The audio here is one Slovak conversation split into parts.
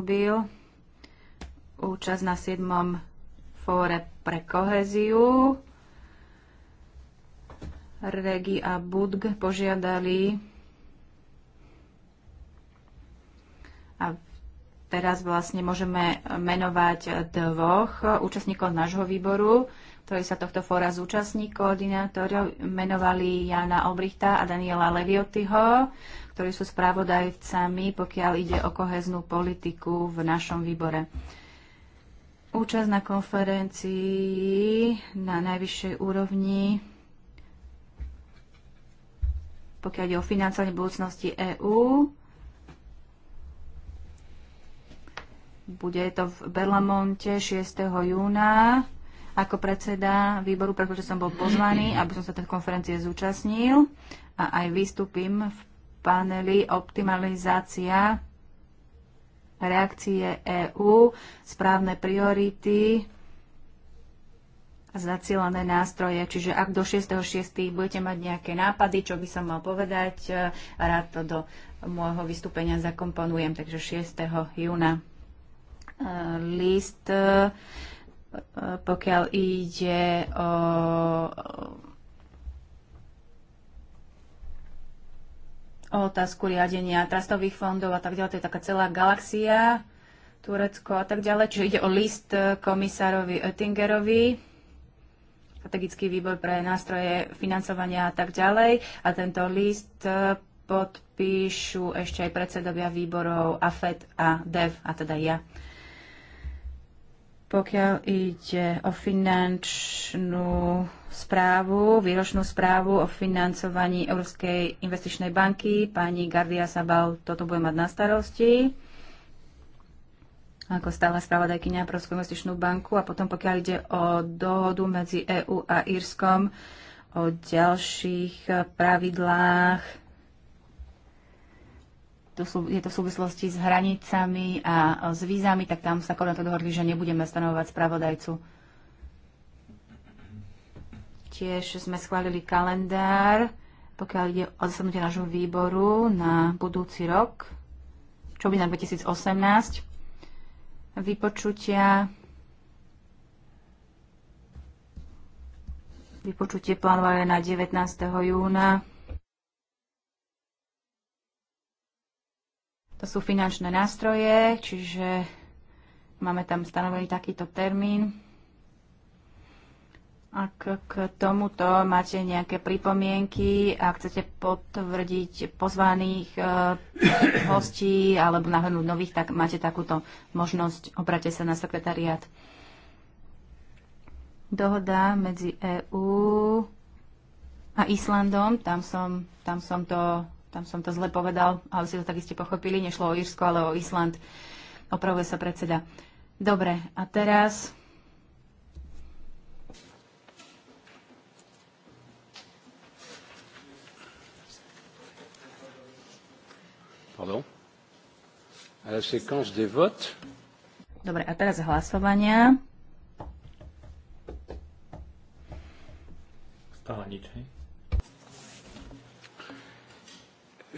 slúbil účasť na 7. fóre pre koheziu. Regi a Budg požiadali a teraz vlastne môžeme menovať dvoch účastníkov nášho výboru ktorí sa tohto fóra zúčastní, koordinátorov menovali Jana Obrichta a Daniela Leviotyho, ktorí sú správodajcami, pokiaľ ide o koheznú politiku v našom výbore. Účasť na konferencii na najvyššej úrovni, pokiaľ ide o financovanie budúcnosti EÚ, bude to v Berlamonte 6. júna ako predseda výboru, pretože som bol pozvaný, aby som sa tej konferencie zúčastnil a aj vystúpim v paneli optimalizácia reakcie EÚ, správne priority, a zacielené nástroje. Čiže ak do 6.6. budete mať nejaké nápady, čo by som mal povedať, e, rád to do môjho vystúpenia zakomponujem. Takže 6. júna e, list e, pokiaľ ide o o otázku riadenia trastových fondov a tak ďalej. To je taká celá galaxia, Turecko a tak ďalej. Čiže ide o list komisárovi Oettingerovi, strategický výbor pre nástroje financovania a tak ďalej. A tento list podpíšu ešte aj predsedovia výborov AFED a DEV, a teda ja. Pokiaľ ide o finančnú správu, výročnú správu o financovaní Európskej investičnej banky, pani Gardia Sabal toto bude mať na starosti ako stála spravodajkynia pre investičnú banku a potom pokiaľ ide o dohodu medzi EÚ a Írskom o ďalších pravidlách to sú, je to v súvislosti s hranicami a s vízami, tak tam sa koronto dohodli, že nebudeme stanovovať spravodajcu. Tiež sme schválili kalendár, pokiaľ ide o zasadnutie nášho výboru na budúci rok, čo by na 2018. Vypočutia Vypočutie plánované na 19. júna To sú finančné nástroje, čiže máme tam stanovený takýto termín. Ak k tomuto máte nejaké pripomienky a chcete potvrdiť pozvaných eh, hostí alebo nahrnúť nových, tak máte takúto možnosť. Obrate sa na sekretariat. Dohoda medzi EÚ a Islandom, tam som, tam som to tam som to zle povedal, ale si to tak iste pochopili, nešlo o Írsko, ale o Island. Opravuje sa predseda. Dobre, a teraz... Pardon. À la séquence des votes. Dobre, a teraz hlasovania. Stále nič, hej?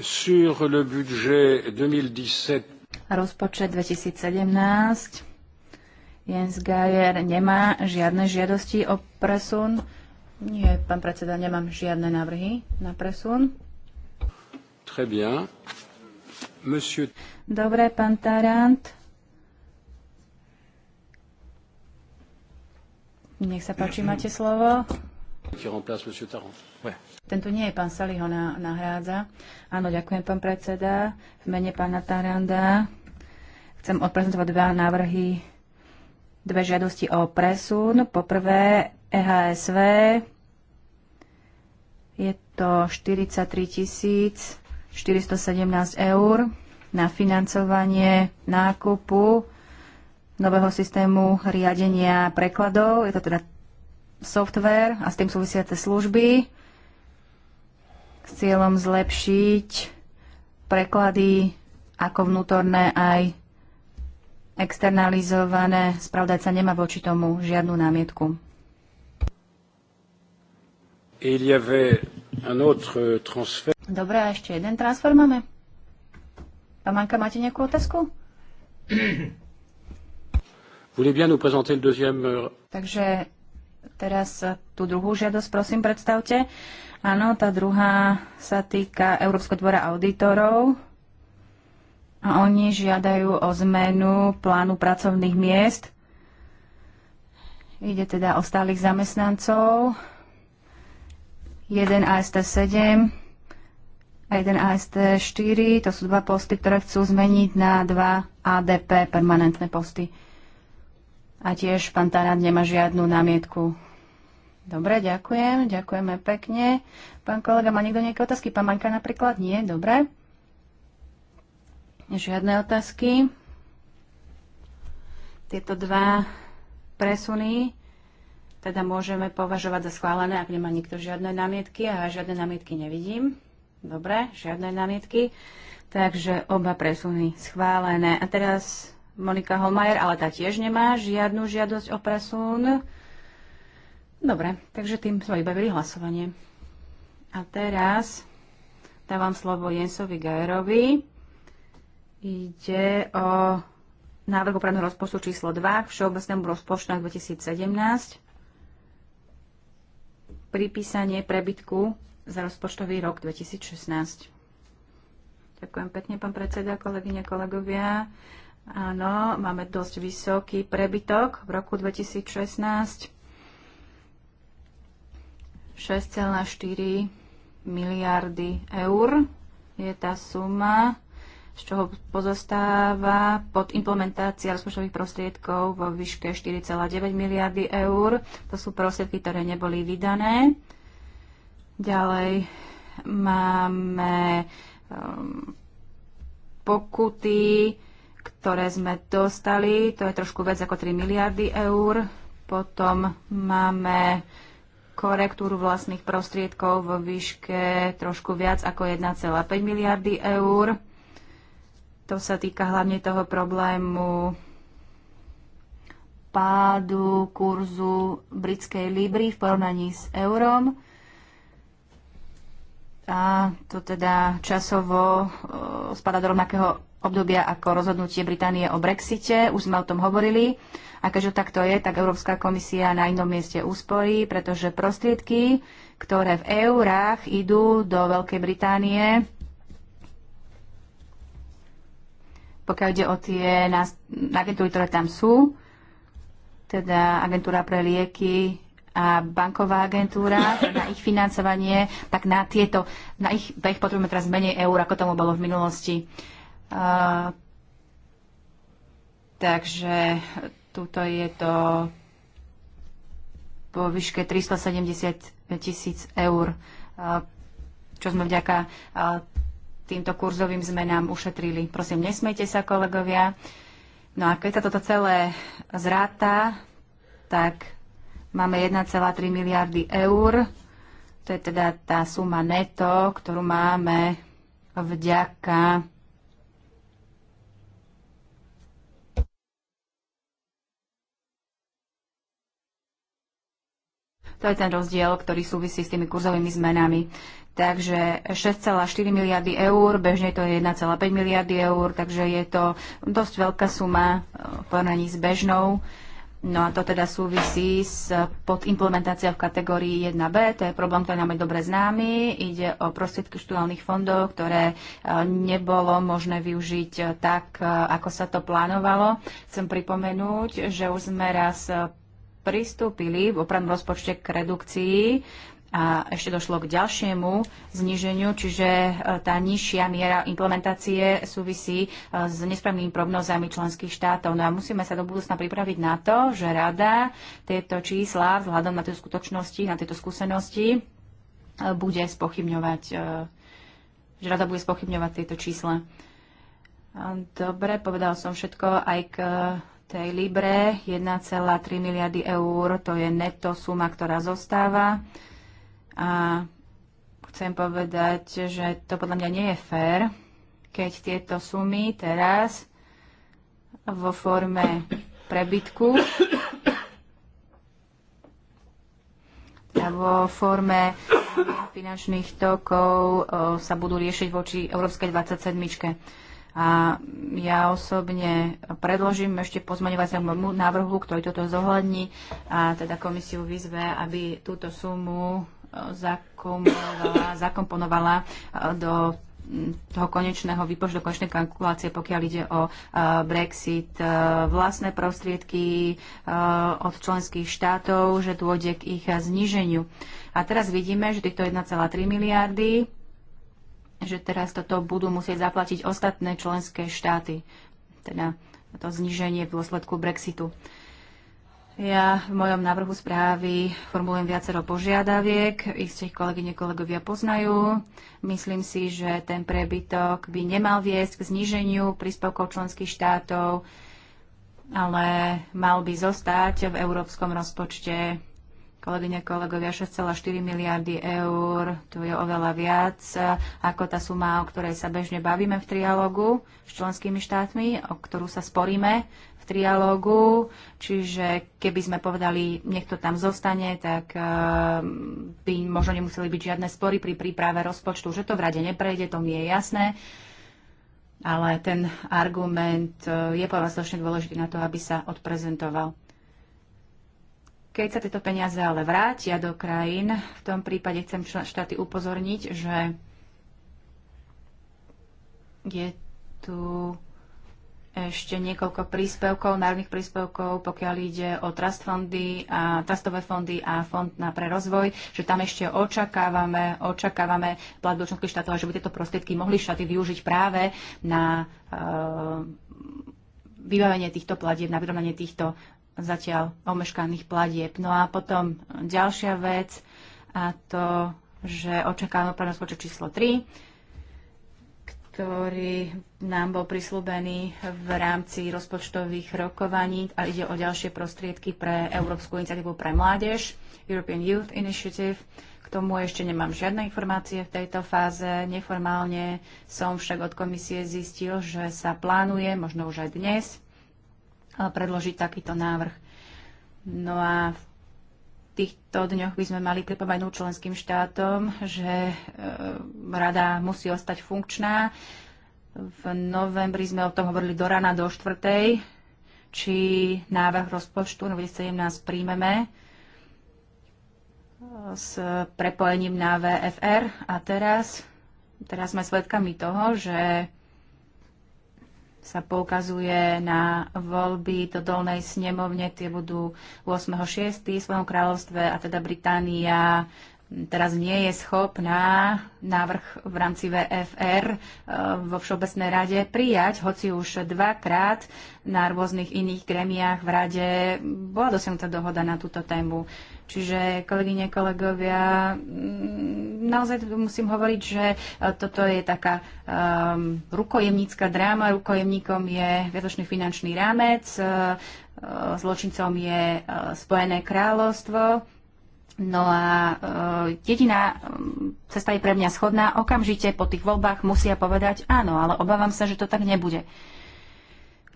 sur le budget 2017. Rozpočet 2017. Jens Geier nemá žiadne žiadosti o presun. Nie, pán predseda, nemám žiadne návrhy na presun. Très bien. Monsieur... Dobre, pán Tarant. Nech sa páči, máte slovo. Tento nie je, pán Sali ho nahrádza. Áno, ďakujem, pán predseda. V mene pána Taranda chcem odprezentovať dva návrhy, dve žiadosti o presun. Poprvé, EHSV, je to 43 417 eur na financovanie nákupu nového systému riadenia prekladov. Je to teda software a s tým súvisiace služby s cieľom zlepšiť preklady ako vnútorné aj externalizované. Spravdajca nemá voči tomu žiadnu námietku. Dobre, a ešte jeden transfer máme. Pán Manka, máte nejakú otázku? Euh, Takže Teraz tú druhú žiadosť, prosím, predstavte. Áno, tá druhá sa týka Európskeho dvora auditorov. A oni žiadajú o zmenu plánu pracovných miest. Ide teda o stálych zamestnancov. 1 AST 7 a 1 AST 4. To sú dva posty, ktoré chcú zmeniť na dva ADP, permanentné posty. A tiež pán Tarant nemá žiadnu námietku. Dobre, ďakujem. Ďakujeme pekne. Pán kolega, má niekto nejaké otázky? Pán Manka napríklad? Nie? Dobre. Žiadne otázky. Tieto dva presuny teda môžeme považovať za schválené, ak nemá nikto žiadne námietky a žiadne námietky nevidím. Dobre, žiadne námietky. Takže oba presuny schválené. A teraz Monika Holmajer, ale tá tiež nemá žiadnu žiadosť o presun. Dobre, takže tým sme vybavili hlasovanie. A teraz dávam slovo Jensovi Gajerovi. Ide o návrh opravného rozpočtu číslo 2 v všeobecnému rozpočtu na 2017 pripísanie prebytku za rozpočtový rok 2016. Ďakujem pekne, pán predseda, kolegyne, kolegovia. Áno, máme dosť vysoký prebytok v roku 2016. 6,4 miliardy eur je tá suma, z čoho pozostáva pod implementácia rozpočtových prostriedkov vo výške 4,9 miliardy eur. To sú prostriedky, ktoré neboli vydané. Ďalej máme um, pokuty ktoré sme dostali. To je trošku vec ako 3 miliardy eur. Potom máme korektúru vlastných prostriedkov vo výške trošku viac ako 1,5 miliardy eur. To sa týka hlavne toho problému pádu kurzu britskej libry v porovnaní s eurom. A to teda časovo spada do rovnakého obdobia ako rozhodnutie Británie o Brexite. Už sme o tom hovorili. A keďže takto je, tak Európska komisia na inom mieste úsporí, pretože prostriedky, ktoré v eurách idú do Veľkej Británie, pokiaľ ide o tie agentúry, ktoré tam sú, teda agentúra pre lieky a banková agentúra teda na ich financovanie, tak na tieto, na ich, na ich potrebujeme teraz menej eur, ako tomu bolo v minulosti. Uh, takže tuto je to po výške 370 tisíc eur, čo sme vďaka týmto kurzovým zmenám ušetrili. Prosím, nesmejte sa, kolegovia. No a keď sa toto celé zráta, tak máme 1,3 miliardy eur. To je teda tá suma neto, ktorú máme vďaka To je ten rozdiel, ktorý súvisí s tými kurzovými zmenami. Takže 6,4 miliardy eur, bežne to je 1,5 miliardy eur, takže je to dosť veľká suma e, v porovnaní s bežnou. No a to teda súvisí s podimplementáciou v kategórii 1B, to je problém, ktorý nám je dobre známy. Ide o prostriedky študálnych fondov, ktoré e, nebolo možné využiť e, tak, ako sa to plánovalo. Chcem pripomenúť, že už sme raz pristúpili v opravnom rozpočte k redukcii a ešte došlo k ďalšiemu zniženiu, čiže e, tá nižšia miera implementácie súvisí e, s nesprávnymi prognozami členských štátov. No a musíme sa do budúcna pripraviť na to, že rada tieto čísla vzhľadom na tieto skutočnosti, na tieto skúsenosti e, bude spochybňovať, že rada bude spochybňovať tieto čísla. Dobre, povedal som všetko aj k tej Libre 1,3 miliardy eur, to je netto suma, ktorá zostáva. A chcem povedať, že to podľa mňa nie je fér, keď tieto sumy teraz vo forme prebytku a vo forme finančných tokov eh, sa budú riešiť voči Európskej 27. A ja osobne predložím ešte pozmaňovaciemu návrhu, ktorý toto zohľadní a teda komisiu vyzve, aby túto sumu e, zakomponovala, zakomponovala e, do toho konečného výpočtu, konečnej kalkulácie, pokiaľ ide o e, Brexit, vlastné prostriedky od členských štátov, že dôjde k ich zníženiu. A teraz vidíme, že týchto 1,3 miliardy že teraz toto budú musieť zaplatiť ostatné členské štáty, teda to zníženie v dôsledku Brexitu. Ja v mojom návrhu správy formulujem viacero požiadaviek, ich ste ich kolegyne kolegovia poznajú. Myslím si, že ten prebytok by nemal viesť k zníženiu príspevkov členských štátov, ale mal by zostať v európskom rozpočte Kolegyne, kolegovia, 6,4 miliardy eur, to je oveľa viac e, ako tá suma, o ktorej sa bežne bavíme v trialógu s členskými štátmi, o ktorú sa sporíme v trialógu. Čiže keby sme povedali, niekto tam zostane, tak e, by možno nemuseli byť žiadne spory pri príprave rozpočtu, že to v rade neprejde, to mi je jasné. Ale ten argument e, je podľa dôležitý na to, aby sa odprezentoval. Keď sa tieto peniaze ale vrátia do krajín, v tom prípade chcem štáty upozorniť, že je tu ešte niekoľko príspevkov, národných príspevkov, pokiaľ ide o trust fondy a trustové fondy a fond na pre rozvoj, že tam ešte očakávame, očakávame do členských štátov, že by tieto prostriedky mohli štáty využiť práve na uh, vybavenie týchto platieb, na vyrovnanie týchto zatiaľ omeškaných platieb. No a potom ďalšia vec a to, že očakávame opravdu spočet číslo 3, ktorý nám bol prislúbený v rámci rozpočtových rokovaní a ide o ďalšie prostriedky pre Európsku iniciatívu pre mládež, European Youth Initiative. K tomu ešte nemám žiadne informácie v tejto fáze. Neformálne som však od komisie zistil, že sa plánuje, možno už aj dnes, predložiť takýto návrh. No a v týchto dňoch by sme mali pripomenúť členským štátom, že e, rada musí ostať funkčná. V novembri sme o tom hovorili do rana do štvrtej, či návrh rozpočtu 2017 príjmeme e, s prepojením na VFR. A teraz, teraz sme svedkami toho, že sa poukazuje na voľby do dolnej snemovne, tie budú 8.6. v svojom kráľovstve a teda Británia teraz nie je schopná návrh v rámci VFR e, vo Všeobecnej rade prijať, hoci už dvakrát na rôznych iných gremiách v rade bola dosiahnutá dohoda na túto tému. Čiže kolegyne, kolegovia, mm, naozaj musím hovoriť, že e, toto je taká um, rukojemnícka dráma. Rukojemníkom je viatočný finančný rámec, uh, zločincom je uh, Spojené kráľovstvo. No a uh, jediná mm, cesta je pre mňa schodná. Okamžite po tých voľbách musia povedať áno, ale obávam sa, že to tak nebude.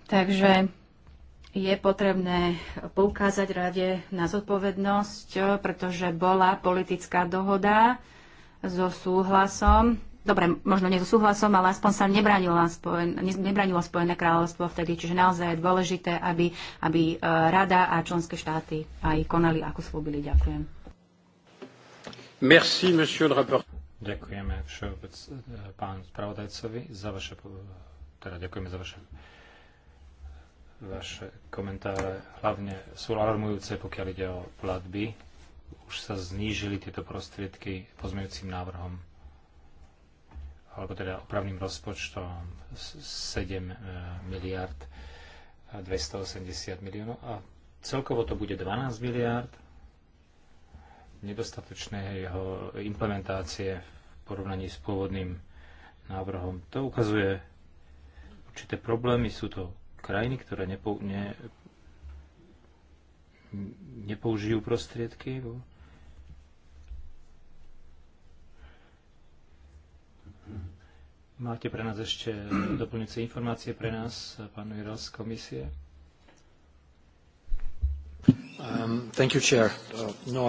Takže je potrebné poukázať rade na zodpovednosť, pretože bola politická dohoda so súhlasom. Dobre, možno nie so súhlasom, ale aspoň sa nebranilo, spojen, nebranilo Spojené kráľovstvo vtedy. Čiže naozaj je dôležité, aby, aby e, rada a členské štáty aj konali, ako slúbili. Ďakujem. Merci, monsieur le rapport. Ďakujeme všeobec e, pán spravodajcovi za vaše, teda ďakujeme za vaše Vaše komentáre hlavne sú alarmujúce, pokiaľ ide o platby. Už sa znížili tieto prostriedky pozmeňujúcim návrhom alebo teda opravným rozpočtom 7 e, miliard 280 miliónov a celkovo to bude 12 miliard nedostatočné jeho implementácie v porovnaní s pôvodným návrhom. To ukazuje určité problémy, sú to krajiny, ktoré nepou, ne, nepoužijú prostriedky. Bo... Máte pre nás ešte doplňujúce informácie pre nás, pán Viras z komisie? Um, thank you, chair. Uh, no.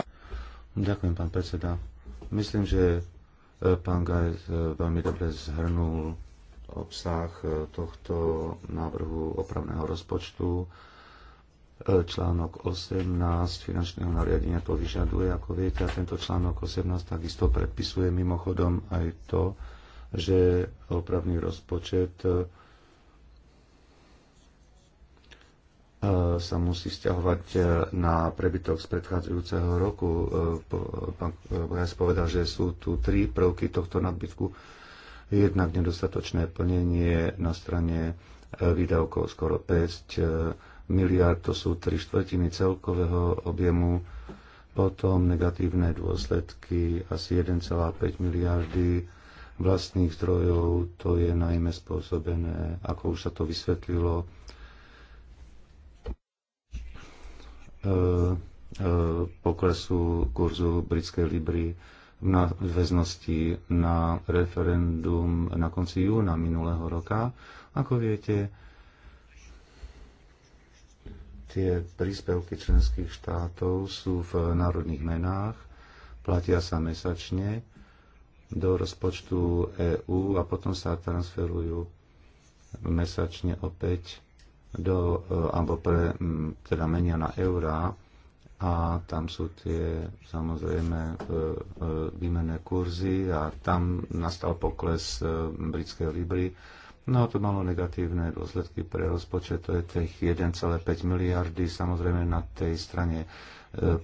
Ďakujem, pán predseda. Myslím, že eh, pán Gajs eh, veľmi dobre zhrnul obsah e, tohto návrhu opravného rozpočtu. E, článok 18 finančného nariadenia to vyžaduje, ako viete, a tento článok 18 takisto predpisuje mimochodom aj to, že opravný rozpočet e, sa musí stiahovať na prebytok z predchádzajúceho roku. Pán Bojas povedal, že sú tu tri prvky tohto nadbytku jednak nedostatočné plnenie na strane e, výdavkov skoro 5 e, miliard, to sú 3 štvrtiny celkového objemu, potom negatívne dôsledky asi 1,5 miliardy vlastných zdrojov, to je najmä spôsobené, ako už sa to vysvetlilo, e, poklesu kurzu britskej libry v nadväznosti na referendum na konci júna minulého roka. Ako viete, tie príspevky členských štátov sú v národných menách, platia sa mesačne do rozpočtu EÚ a potom sa transferujú mesačne opäť do, e, alebo pre, teda menia na eurá a tam sú tie samozrejme e, e, výmenné kurzy a tam nastal pokles e, britskej libry. No to malo negatívne dôsledky pre rozpočet, to je tých 1,5 miliardy. Samozrejme na tej strane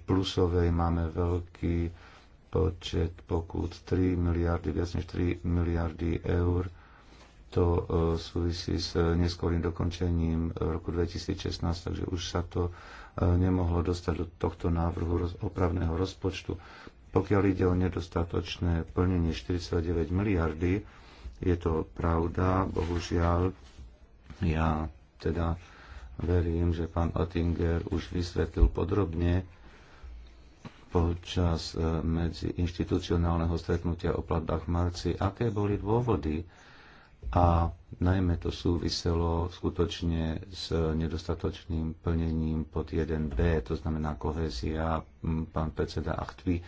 plusovej máme veľký počet pokut 3 miliardy, viac než 3 miliardy eur to e, súvisí s e, neskôrým dokončením e, roku 2016, takže už sa to nemohlo dostať do tohto návrhu opravného rozpočtu. Pokiaľ ide o nedostatočné plnenie 49 miliardy, je to pravda, bohužiaľ. Ja teda verím, že pán Oettinger už vysvetlil podrobne počas inštitucionálneho stretnutia o platbách v marci, aké boli dôvody, a najmä to súviselo skutočne s nedostatočným plnením pod 1b, to znamená kohézia. Pán predseda Achtvi e,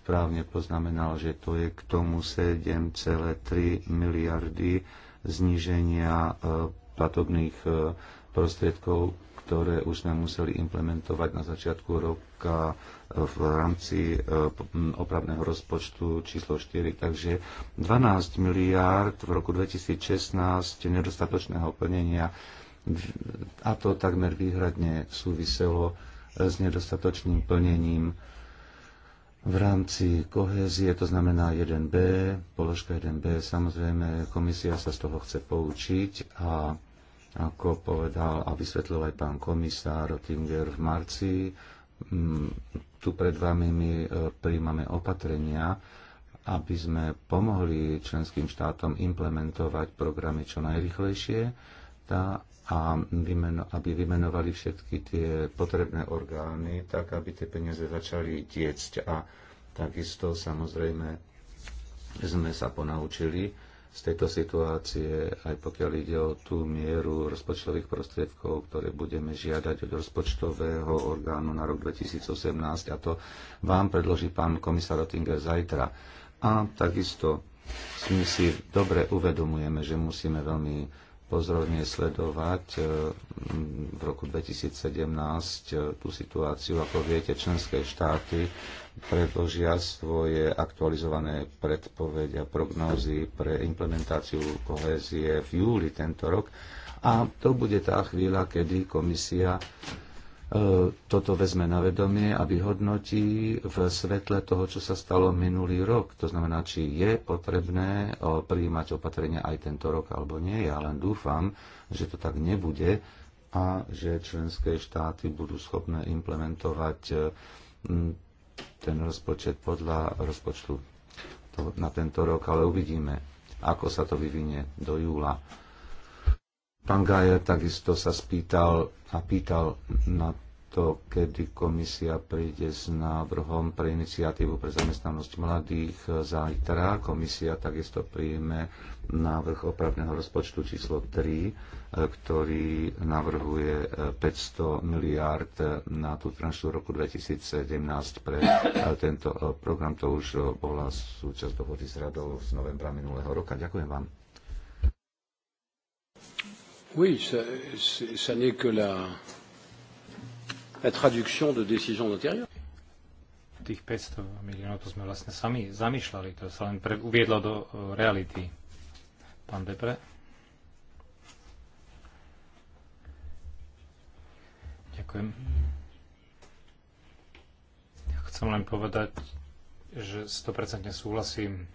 správne poznamenal, že to je k tomu 7,3 miliardy zníženia e, platobných e, prostriedkov ktoré už sme museli implementovať na začiatku roka e, v rámci e, opravného rozpočtu číslo 4. Takže 12 miliárd v roku 2016 nedostatočného plnenia a to takmer výhradne súviselo e, s nedostatočným plnením v rámci kohézie, to znamená 1B, položka 1B, samozrejme komisia sa z toho chce poučiť a ako povedal a vysvetlil aj pán komisár Tinger v marci, mm, tu pred vami my e, príjmame opatrenia, aby sme pomohli členským štátom implementovať programy čo najrychlejšie tá, a vymeno, aby vymenovali všetky tie potrebné orgány, tak aby tie peniaze začali tiecť. A takisto samozrejme sme sa ponaučili, z tejto situácie, aj pokiaľ ide o tú mieru rozpočtových prostriedkov, ktoré budeme žiadať od rozpočtového orgánu na rok 2018 a to vám predloží pán komisár Oettinger zajtra. A takisto my si dobre uvedomujeme, že musíme veľmi pozorne sledovať e, v roku 2017 e, tú situáciu. Ako viete, členské štáty predložia svoje aktualizované predpovede a prognózy pre implementáciu kohézie v júli tento rok. A to bude tá chvíľa, kedy komisia E, toto vezme na vedomie a vyhodnotí v svetle toho, čo sa stalo minulý rok. To znamená, či je potrebné e, prijímať opatrenia aj tento rok alebo nie. Ja len dúfam, že to tak nebude a že členské štáty budú schopné implementovať e, ten rozpočet podľa rozpočtu na tento rok, ale uvidíme, ako sa to vyvinie do júla. Pán Gajer takisto sa spýtal a pýtal na to, kedy komisia príde s návrhom pre iniciatívu pre zamestnanosť mladých zajtra. Komisia takisto príjme návrh opravného rozpočtu číslo 3, e, ktorý navrhuje 500 e, miliárd na tú tranšu roku 2017 pre e, tento program. To už bola súčasť dohody s radou z novembra minulého roka. Ďakujem vám. Oui, ça, ça n'est que la, la traduction de décisions antérieures. Tých 500 miliónov to sme vlastne sami zamýšľali, to sa len pre, uviedlo do uh, reality. Pán Depre. Ďakujem. Ja Chcem len povedať, že 100% súhlasím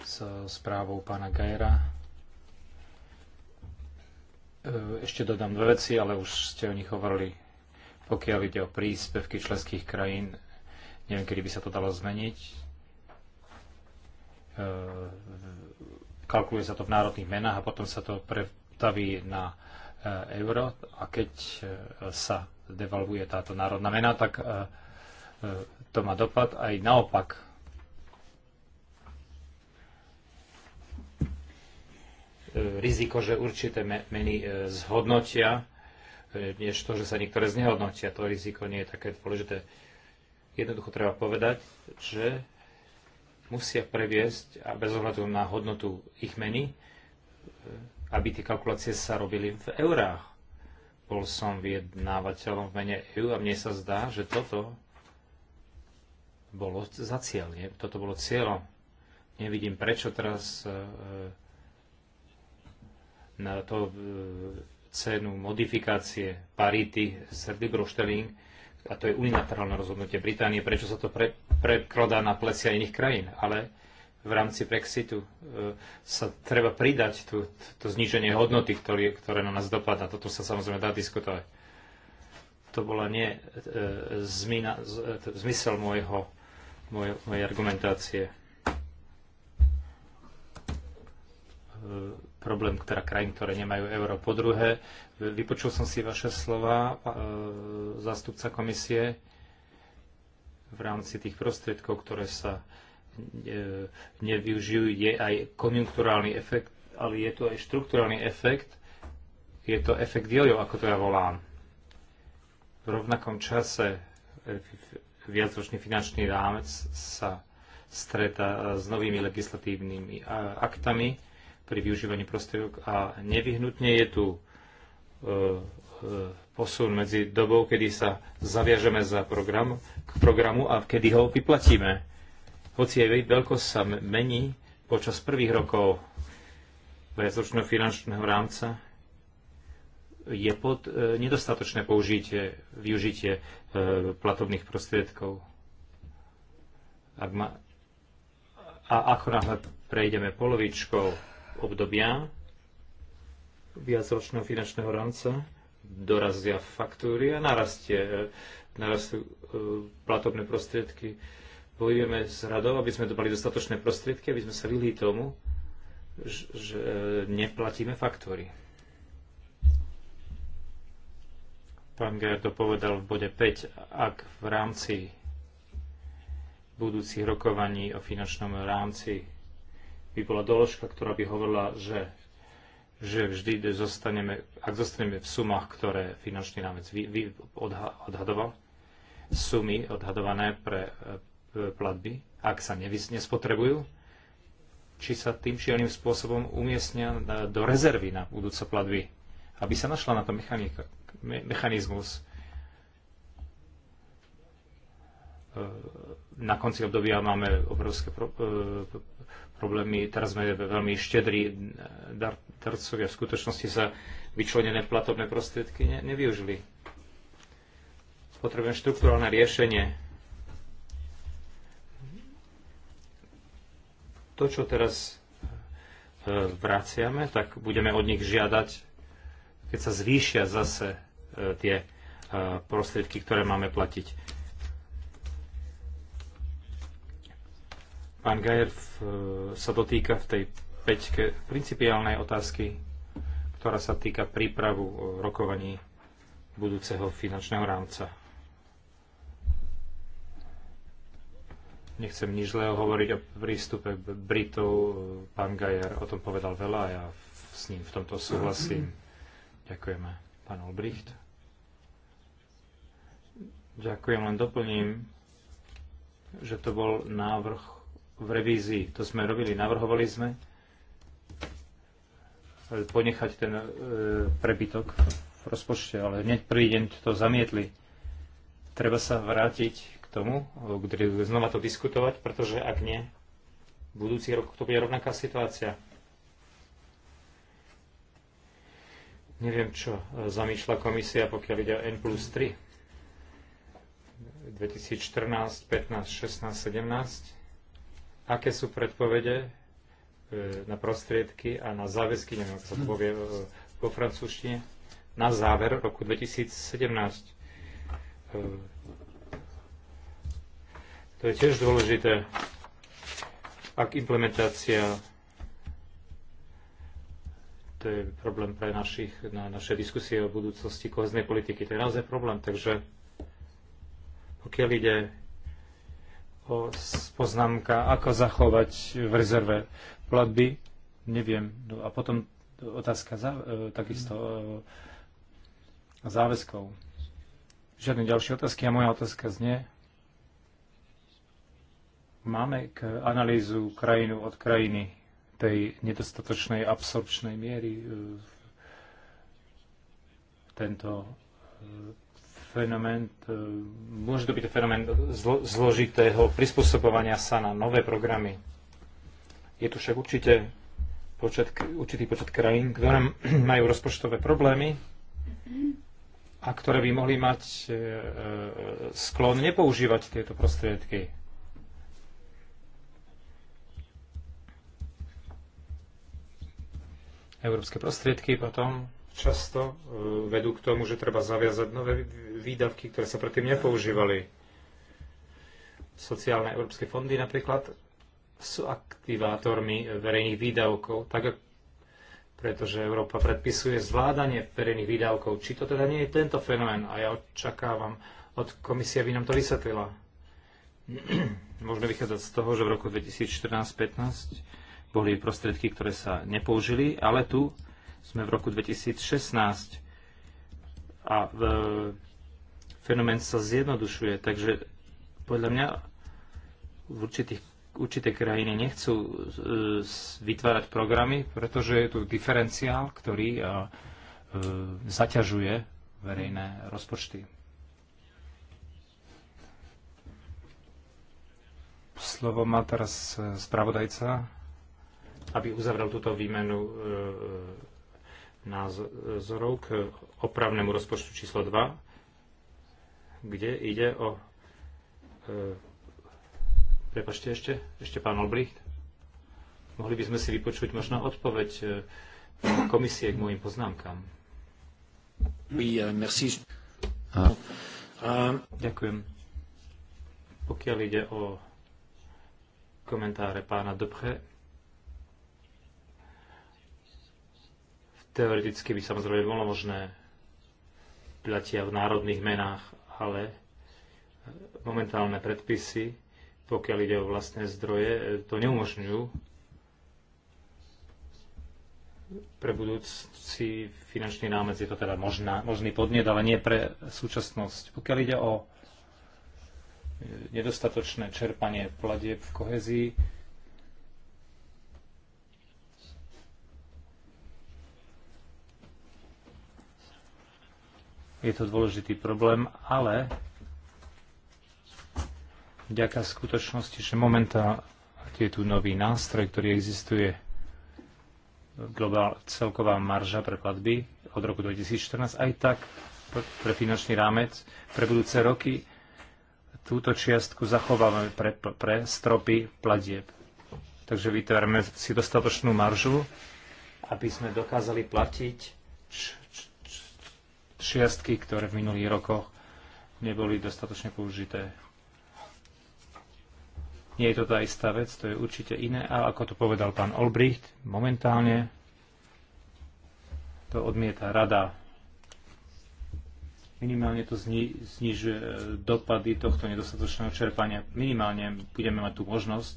s správou pána Gajera E, ešte dodám dve veci, ale už ste o nich hovorili. Pokiaľ ide o príspevky členských krajín, neviem, kedy by sa to dalo zmeniť. E, kalkuluje sa to v národných menách a potom sa to pretaví na e, euro a keď sa devalvuje táto národná mena, tak to má dopad aj naopak E, riziko, že určité meny e, zhodnotia, e, než to, že sa niektoré znehodnotia. To riziko nie je také dôležité. Jednoducho treba povedať, že musia previesť, a bez ohľadu na hodnotu ich meny, aby tie kalkulácie sa robili v eurách. Bol som vyjednávateľom v mene EU a mne sa zdá, že toto bolo za cieľ. Nie? Toto bolo cieľom. Nevidím, prečo teraz e, na to e, cenu modifikácie parity Serdibrov-Šteling, a to je unilaterálne rozhodnutie Británie, prečo sa to pre, prekladá na plecia iných krajín, ale v rámci Brexitu e, sa treba pridať to zníženie hodnoty, ktoré, ktoré na nás dopadá. Toto sa samozrejme dá diskutovať. To bola nie e, zmina, zmysel môjho, moj, mojej argumentácie problém teda krajín, ktoré nemajú euro. Po druhé, vypočul som si vaše slova, e, zástupca komisie, v rámci tých prostriedkov, ktoré sa e, nevyužijú, je aj konjunkturálny efekt, ale je tu aj štruktúrálny efekt. Je to efekt dielov, ako to ja volám. V rovnakom čase e, viacročný finančný rámec sa stretá s novými legislatívnymi aktami, pri využívaní prostriedok a nevyhnutne je tu e, e, posun medzi dobou, kedy sa zaviažeme za program, k programu a kedy ho vyplatíme. Hoci aj veľkosť sa mení počas prvých rokov viacročného finančného rámca, je pod, e, nedostatočné použitie, využitie e, platobných prostriedkov. Ak ma, a ako náhle prejdeme polovičkou obdobia viacročného finančného rámca, dorazia faktúry a narastie, e, narastú e, platobné prostriedky. Bojujeme s radou, aby sme dobali dostatočné prostriedky, aby sme sa vyhli tomu, že e, neplatíme faktúry. Pán Gerdo povedal v bode 5, ak v rámci budúcich rokovaní o finančnom rámci by bola doložka, ktorá by hovorila, že, že vždy zostaneme, ak zostaneme v sumách, ktoré finančný rámec vy, vy odha, odhadoval, sumy odhadované pre e, platby, ak sa nevys, nespotrebujú, či sa tým či spôsobom umiestnia do rezervy na budúce platby, aby sa našla na to mechanika, me, mechanizmus, e, na konci obdobia máme obrovské pro, e, problémy. Teraz sme veľmi štedrí e, dar, darcovia. V skutočnosti sa vyčlenené platobné prostriedky ne, nevyužili. Potrebujem štruktúralné riešenie. To, čo teraz e, vraciame, tak budeme od nich žiadať, keď sa zvýšia zase e, tie e, prostriedky, ktoré máme platiť Pán Gajer e, sa dotýka v tej peťke principiálnej otázky, ktorá sa týka prípravu e, rokovaní budúceho finančného rámca. Nechcem nič zlého hovoriť o prístupe Britov. Pán Gajer o tom povedal veľa a ja s ním v tomto súhlasím. Ďakujeme. Pán Olbricht. Ďakujem, len doplním, že to bol návrh v revízii. To sme robili, navrhovali sme ponechať ten e, prebytok v rozpočte, ale hneď prvý deň to zamietli. Treba sa vrátiť k tomu, kde znova to diskutovať, pretože ak nie, v budúci rok to bude rovnaká situácia. Neviem, čo e, zamýšľa komisia, pokiaľ ide o N plus 3. 2014, 15, 16, 17 aké sú predpovede e, na prostriedky a na záväzky, neviem, ako sa to povie e, po francúzštine, na záver roku 2017. E, to je tiež dôležité, ak implementácia to je problém pre našich, na naše diskusie o budúcnosti koheznej politiky. To je naozaj problém, takže pokiaľ ide poznámka, ako zachovať v rezerve platby, neviem. No a potom otázka za, e, takisto e, záväzkov. Žiadne ďalšie otázky a moja otázka znie. Máme k analýzu krajinu od krajiny tej nedostatočnej absorpčnej miery e, tento fenomén, e, môže to byť fenomén zlo, zložitého prispôsobovania sa na nové programy. Je tu však určite počet, určitý počet krajín, ktoré majú rozpočtové problémy a ktoré by mohli mať e, e, sklon nepoužívať tieto prostriedky. Európske prostriedky potom často e, vedú k tomu, že treba zaviazať nové výdavky, ktoré sa predtým nepoužívali. Sociálne európske fondy napríklad sú aktivátormi verejných výdavkov, tak pretože Európa predpisuje zvládanie verejných výdavkov. Či to teda nie je tento fenomén? A ja očakávam od komisie, aby nám to vysvetlila. Môžeme vychádzať z toho, že v roku 2014-15 boli prostriedky, ktoré sa nepoužili, ale tu sme v roku 2016 a e, fenomén sa zjednodušuje, takže podľa mňa v určitých určité krajiny nechcú e, vytvárať programy, pretože je tu diferenciál, ktorý e, e, zaťažuje verejné rozpočty. Slovo má teraz spravodajca, aby uzavrel túto výmenu názorov k opravnému rozpočtu číslo 2, kde ide o... E, prepašte ešte, ešte pán Olbricht. Mohli by sme si vypočuť možno odpoveď e, komisie k mojim poznámkam. Oui, euh, merci. Euh, Ďakujem. Pokiaľ ide o komentáre pána Dobre, Teoreticky by samozrejme bolo možné platia v národných menách, ale momentálne predpisy, pokiaľ ide o vlastné zdroje, to neumožňujú pre budúci finančný námec je to teda možná, možný podnet, ale nie pre súčasnosť. Pokiaľ ide o nedostatočné čerpanie platieb v kohezii, Je to dôležitý problém, ale vďaka skutočnosti, že momentálne je tu nový nástroj, ktorý existuje, globál, celková marža pre platby od roku 2014, aj tak pre finančný rámec pre budúce roky túto čiastku zachovávame pre, pre stropy platieb. Takže vytvárame si dostatočnú maržu, aby sme dokázali platiť šiestky, ktoré v minulých rokoch neboli dostatočne použité. Nie je to tá istá vec, to je určite iné, a ako to povedal pán Olbricht, momentálne to odmieta rada. Minimálne to zni- znižuje e, dopady tohto nedostatočného čerpania. Minimálne budeme mať tú možnosť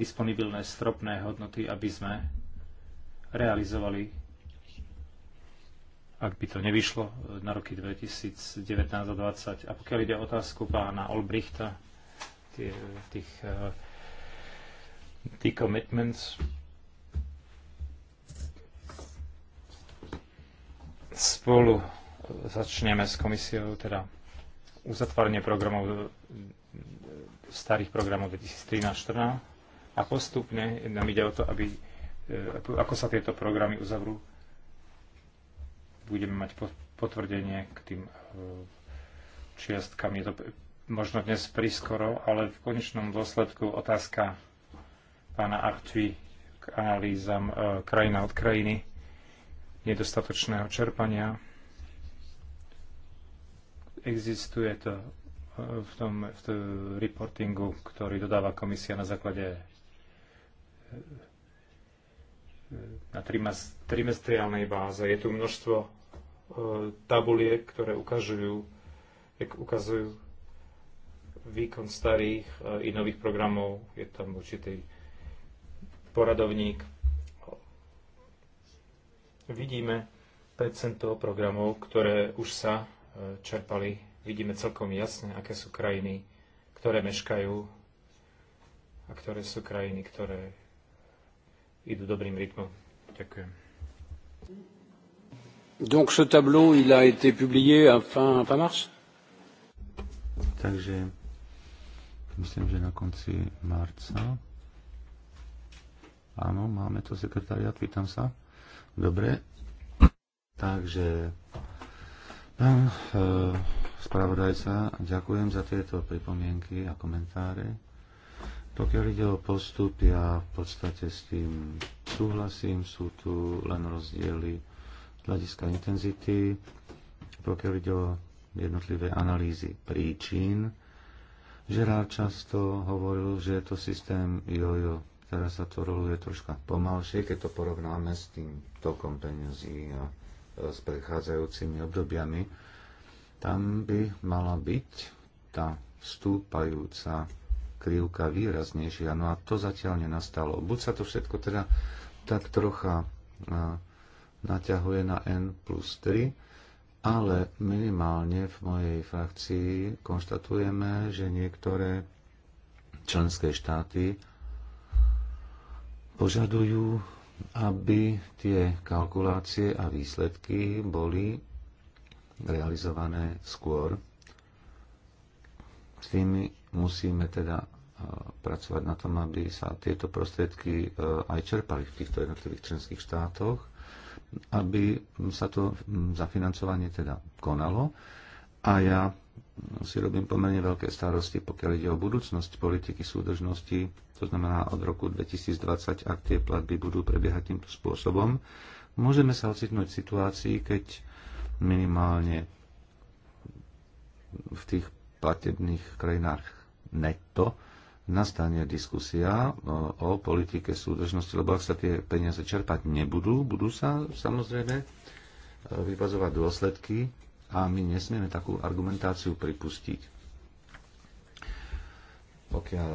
disponibilné stropné hodnoty, aby sme realizovali ak by to nevyšlo e, na roky 2019 a 2020. A pokiaľ ide o otázku pána Olbrichta, tie, e, tých e, tých commitments, spolu začneme s komisiou, teda uzatvárne programov starých programov 2013-2014 a postupne nám ide o to, aby, ako sa tieto programy uzavrú budeme mať potvrdenie k tým e, čiastkam. Je to možno dnes priskoro, ale v konečnom dôsledku otázka pána Artui k analýzam e, krajina od krajiny nedostatočného čerpania. Existuje to e, v tom, v tom reportingu, ktorý dodáva komisia na základe na trimestriálnej báze. Je tu množstvo e, tabuliek, ktoré ukazujú, e, ukazujú výkon starých e, i nových programov. Je tam určitý poradovník. Vidíme percento programov, ktoré už sa čerpali. Vidíme celkom jasne, aké sú krajiny, ktoré meškajú a ktoré sú krajiny, ktoré idú dobrým rytmom. Ďakujem. Donc ce tableau, il a été publié à fin, fin mars Takže myslím, že na konci marca. Áno, máme to sekretariat, vítam sa. Dobre. Takže pán e, spravodajca, ďakujem za tieto pripomienky a komentáre. Pokiaľ ide o postup, ja v podstate s tým súhlasím, sú tu len rozdiely z hľadiska intenzity. Pokiaľ ide o jednotlivé analýzy príčin, Žerár často hovoril, že je to systém jojo. Teraz sa to roluje troška pomalšie, keď to porovnáme s tým tokom peniazí a e, s predchádzajúcimi obdobiami. Tam by mala byť tá vstúpajúca krivka výraznejšia. No a to zatiaľ nenastalo. Buď sa to všetko teda tak trocha naťahuje na N plus 3, ale minimálne v mojej frakcii konštatujeme, že niektoré členské štáty požadujú, aby tie kalkulácie a výsledky boli realizované skôr. S tými musíme teda pracovať na tom, aby sa tieto prostriedky e, aj čerpali v týchto jednotlivých členských štátoch, aby sa to zafinancovanie teda konalo. A ja si robím pomerne veľké starosti, pokiaľ ide o budúcnosť politiky súdržnosti, to znamená od roku 2020, ak tie platby budú prebiehať týmto spôsobom, môžeme sa ocitnúť v situácii, keď minimálne v tých platebných krajinách netto nastane diskusia e, o, politike súdržnosti, lebo ak sa tie peniaze čerpať nebudú, budú sa samozrejme e, vypazovať dôsledky a my nesmieme takú argumentáciu pripustiť. Pokiaľ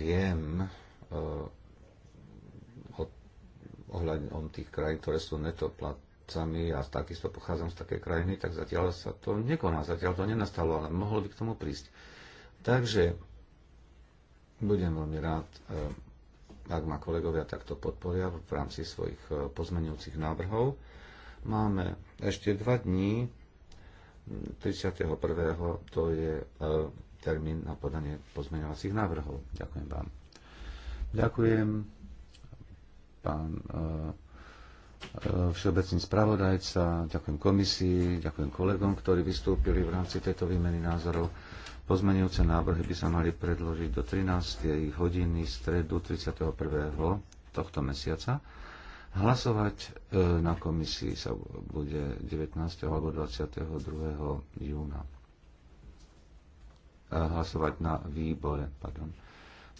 viem e, o, ohľadom tých krajín, ktoré sú netoplatcami a takisto pochádzam z také krajiny, tak zatiaľ sa to nekoná, zatiaľ to nenastalo, ale mohlo by k tomu prísť. Takže budem veľmi rád, e, ak ma kolegovia takto podporia v rámci svojich e, pozmenujúcich návrhov. Máme ešte dva dní, 31. to je e, termín na podanie pozmeňovacích návrhov. Ďakujem vám. Ďakujem, pán všeobecný spravodajca, ďakujem komisii, ďakujem kolegom, ktorí vystúpili v rámci tejto výmeny názorov. Pozmenujúce návrhy by sa mali predložiť do 13. hodiny stredu 31. tohto mesiaca. Hlasovať e, na komisii sa bude 19. alebo 22. júna. E, hlasovať na výbore, pardon.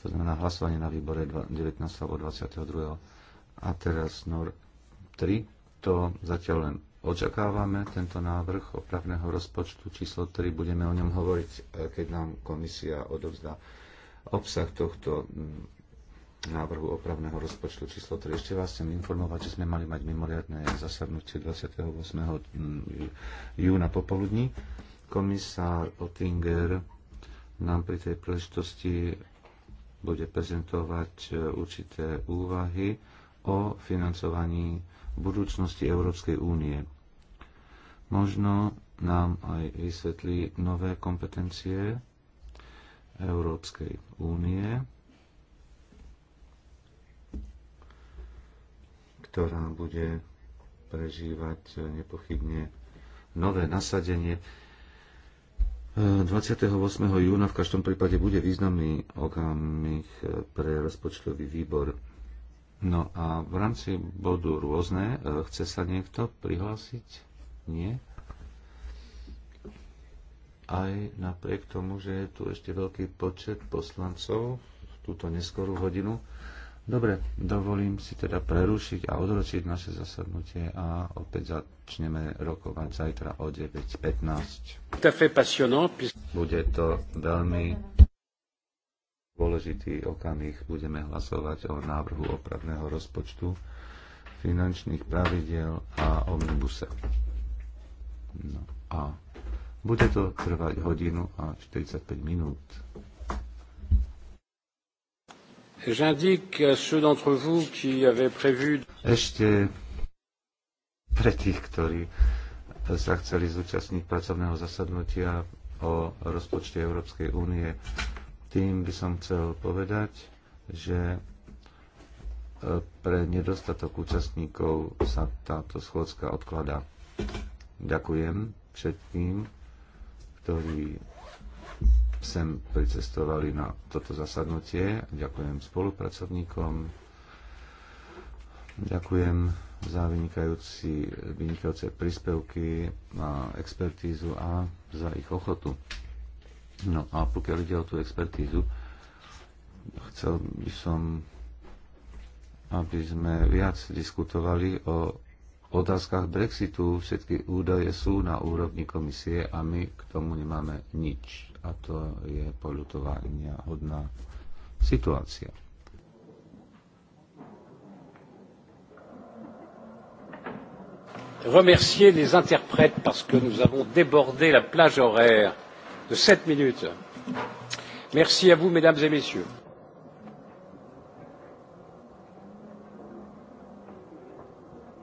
To znamená hlasovanie na výbore 19. alebo 22. A teraz NOR 3, to zatiaľ len Očakávame tento návrh opravného rozpočtu číslo 3. Budeme o ňom hovoriť, eh, keď nám komisia odovzdá obsah tohto mm, návrhu opravného rozpočtu číslo 3. Ešte vás chcem informovať, že sme mali mať mimoriadne zasadnutie 28. Mm, júna popoludní. Komisár Ottinger nám pri tej príležitosti bude prezentovať eh, určité úvahy o financovaní budúcnosti Európskej únie. Možno nám aj vysvetlí nové kompetencie Európskej únie, ktorá bude prežívať nepochybne nové nasadenie. 28. júna v každom prípade bude významný okamih pre rozpočtový výbor No a v rámci bodu rôzne, e, chce sa niekto prihlásiť? Nie? Aj napriek tomu, že je tu ešte veľký počet poslancov v túto neskorú hodinu. Dobre, dovolím si teda prerušiť a odročiť naše zasadnutie a opäť začneme rokovať zajtra o 9.15. Bude to veľmi dôležitý okamih budeme hlasovať o návrhu opravného rozpočtu, finančných pravidel a omnibuse. No a bude to trvať hodinu a 45 minút. Ešte pre tých, ktorí sa chceli zúčastniť pracovného zasadnutia o rozpočte Európskej únie, tým by som chcel povedať, že e, pre nedostatok účastníkov sa táto schôdzka odkladá. Ďakujem všetkým, ktorí sem pricestovali na toto zasadnutie. Ďakujem spolupracovníkom. Ďakujem za vynikajúci, vynikajúce príspevky a expertízu a za ich ochotu. No a pokiaľ ide o tú expertízu, chcel by som, aby sme viac diskutovali o otázkach Brexitu. Všetky údaje sú na úrovni komisie a my k tomu nemáme nič. A to je polutovania hodná situácia. remercier les interprètes parce que nous avons débordé la plage horaire de sept minutes. merci à vous mesdames et messieurs.